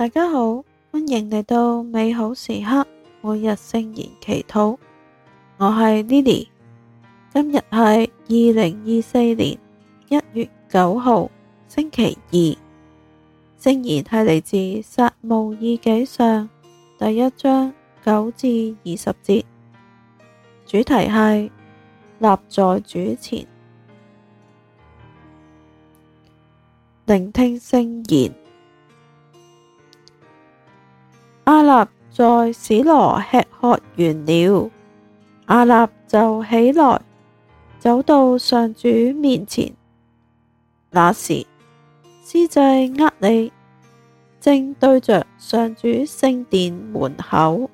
大家好，歡迎嚟到美好時刻每日聖言祈禱。我係 Lily，今日係二零二四年一月九號星期二，聖言係嚟自撒慕爾記上第一章九至二十節，主題係立在主前，聆聽聖言。在史羅吃喝完了，亞納就起來走到上主面前。那時司祭厄里正對着上主聖殿門口，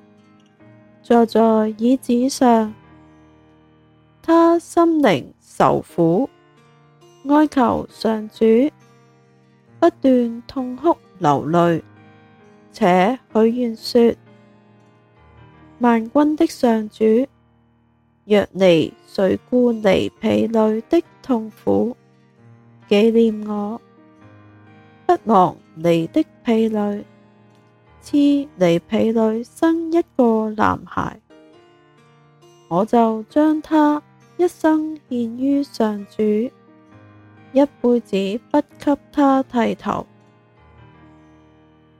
坐在椅子上，他心靈愁苦，哀求上主，不斷痛哭流淚，且許願說。萬軍的上主，若禰垂顧禰婢女的痛苦，紀念我，不忘禰的婢女，賜禰婢女生一個男孩，我就將他一生獻於上主，一輩子不給他剃頭。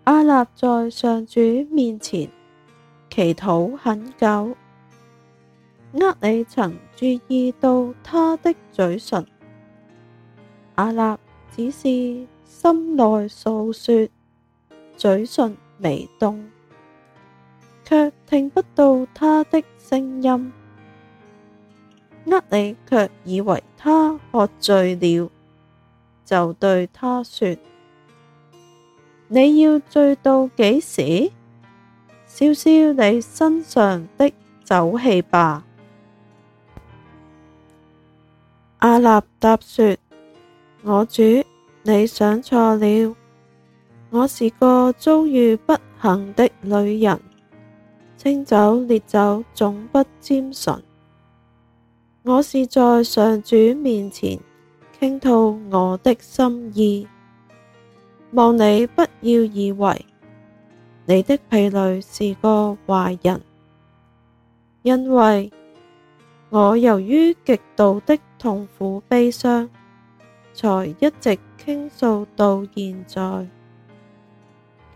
亞納在上主面前祈禱很久，厄里曾注意到他的嘴唇，亞納只是心內訴說，嘴唇微動，卻聽不到他的聲音。厄里卻以為他喝醉了，就對他說：你要醉到幾時？消消你身上的酒氣吧，亞納答說：我主，你想錯了，我是個遭遇不幸的女人，清酒烈酒總不沾唇，我是在上主面前傾吐我的心意，望你不要以為。你的婢女是個壞人，因為我由於極度的痛苦悲傷，才一直傾訴到現在。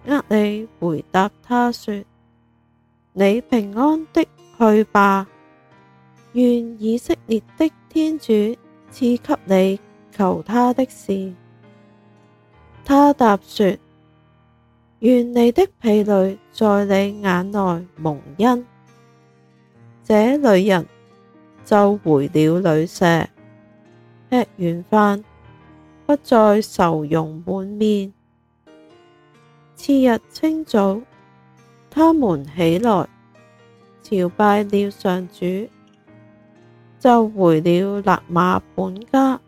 厄里回答他說：你平安的去吧，願以色列的天主賜給你求他的事。他答說。願你的婢女在你眼內蒙恩，這女人就回了旅舍，吃完飯，不再愁容滿面。次日清早，他們起來，朝拜了上主，就回了辣瑪本家。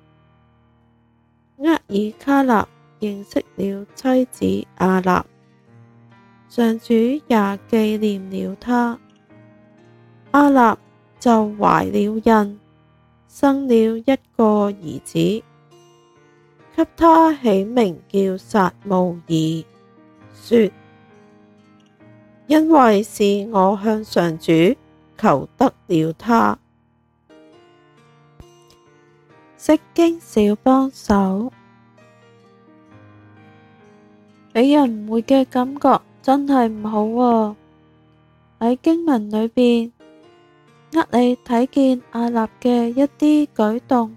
厄耳卡納認識了妻子亞納。上主也紀念了他，亞納就懷了孕，生了一個兒子，給他起名叫撒慕爾，說：因為是我向上主求得了他。釋經小幫手，畀人誤會嘅感覺。真係唔好喎、啊！喺經文裏邊，呃你睇見亞納嘅一啲舉動，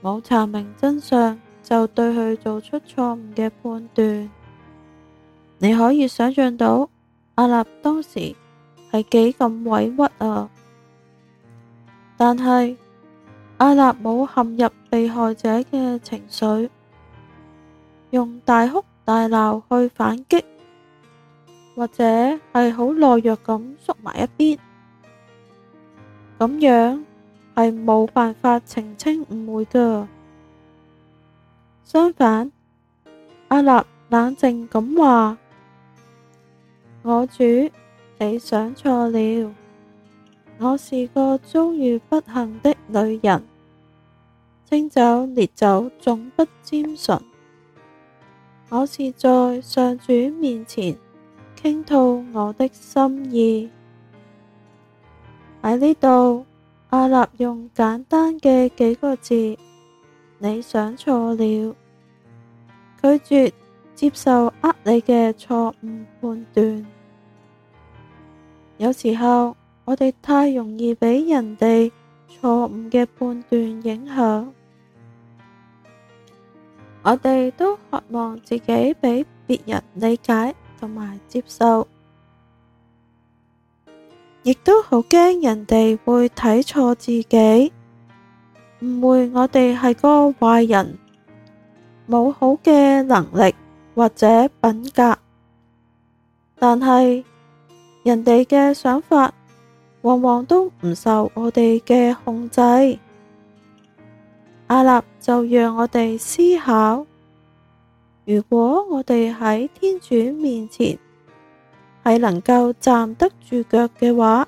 冇查明真相就對佢做出錯誤嘅判斷。你可以想象到亞納當時係幾咁委屈啊！但係亞納冇陷入被害者嘅情緒，用大哭大鬧去反擊。或者係好懦弱咁縮埋一邊，咁樣係冇辦法澄清誤會噶。相反，亞納冷靜咁話：「我主，你想錯了，我是個遭遇不幸的女人，清酒烈酒總不沾唇，我是在上主面前，傾吐我的心意。喺呢度，亞納用簡單嘅幾個字，你想錯了，拒絕接受厄里嘅錯誤判斷。有時候我哋太容易俾人哋錯誤嘅判斷影響，我哋都渴望自己俾別人理解。同埋接受，亦都好驚人哋會睇錯自己，誤會我哋係個壞人，冇好嘅能力或者品格。但係人哋嘅想法，往往都唔受我哋嘅控制。亞納就讓我哋思考。如果我哋喺天主面前係能夠站得住腳嘅話，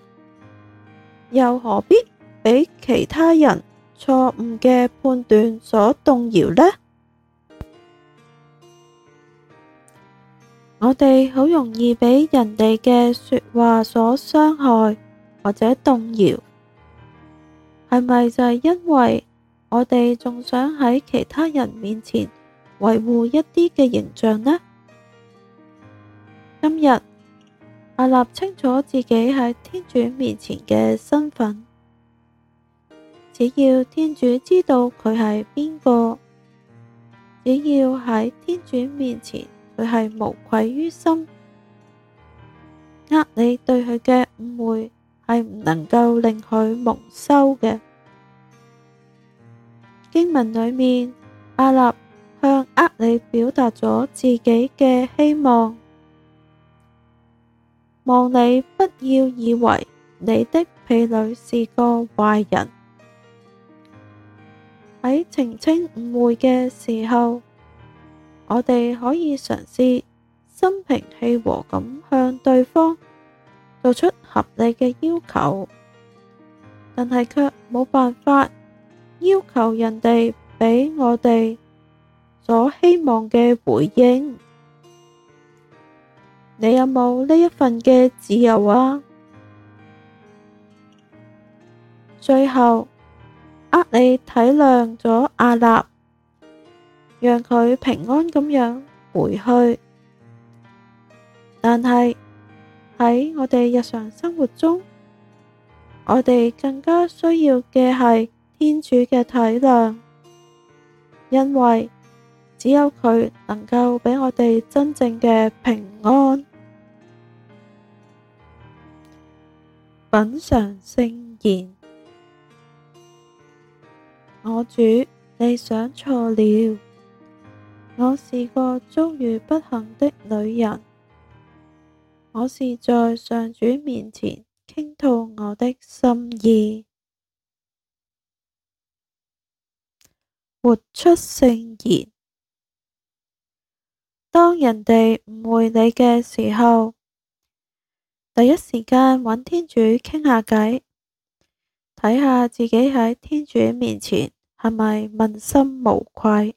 又何必俾其他人錯誤嘅判斷所動搖呢？ 我哋好容易俾人哋嘅說話所傷害，或者動搖，係咪就係因為我哋仲想喺其他人面前？維護一啲嘅形象呢？今日亞納清楚自己喺天主面前嘅身份，只要天主知道佢係邊個，只要喺天主面前佢係無愧於心，厄里對佢嘅誤會係唔能夠令佢蒙羞嘅。經文裏面亞納。向厄里表達咗自己嘅希望，望你不要以為你的婢女是個壞人。喺澄清誤會嘅時候，我哋可以嘗試心平氣和咁向對方做出合理嘅要求，但係卻冇辦法要求人哋畀我哋。所希望嘅回應，你有冇呢一份嘅自由啊？最後，厄里體諒咗亞納，讓佢平安咁樣回去。但係喺我哋日常生活中，我哋更加需要嘅係天主嘅體諒，因為，只有佢能夠畀我哋真正嘅平安，品嚐聖言。我主，你想錯了。我是個遭遇不幸的女人，我是在上主面前傾吐我的心意，活出聖言。當人哋誤會你嘅時候，第一時間揾天主傾下偈，睇下自己喺天主面前係咪問心無愧，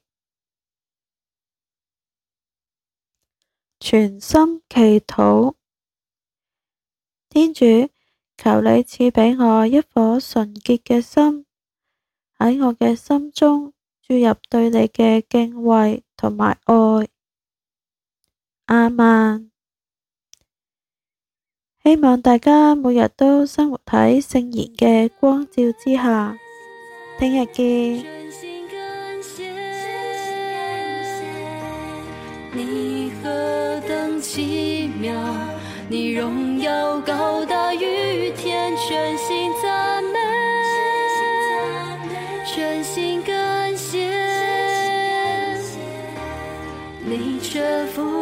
全心祈禱。天主，求你賜畀我一顆純潔嘅心，喺我嘅心中注入對你嘅敬畏同埋愛。阿曼、啊，希望大家每日都生活喺聖言嘅光照之下，聽日見。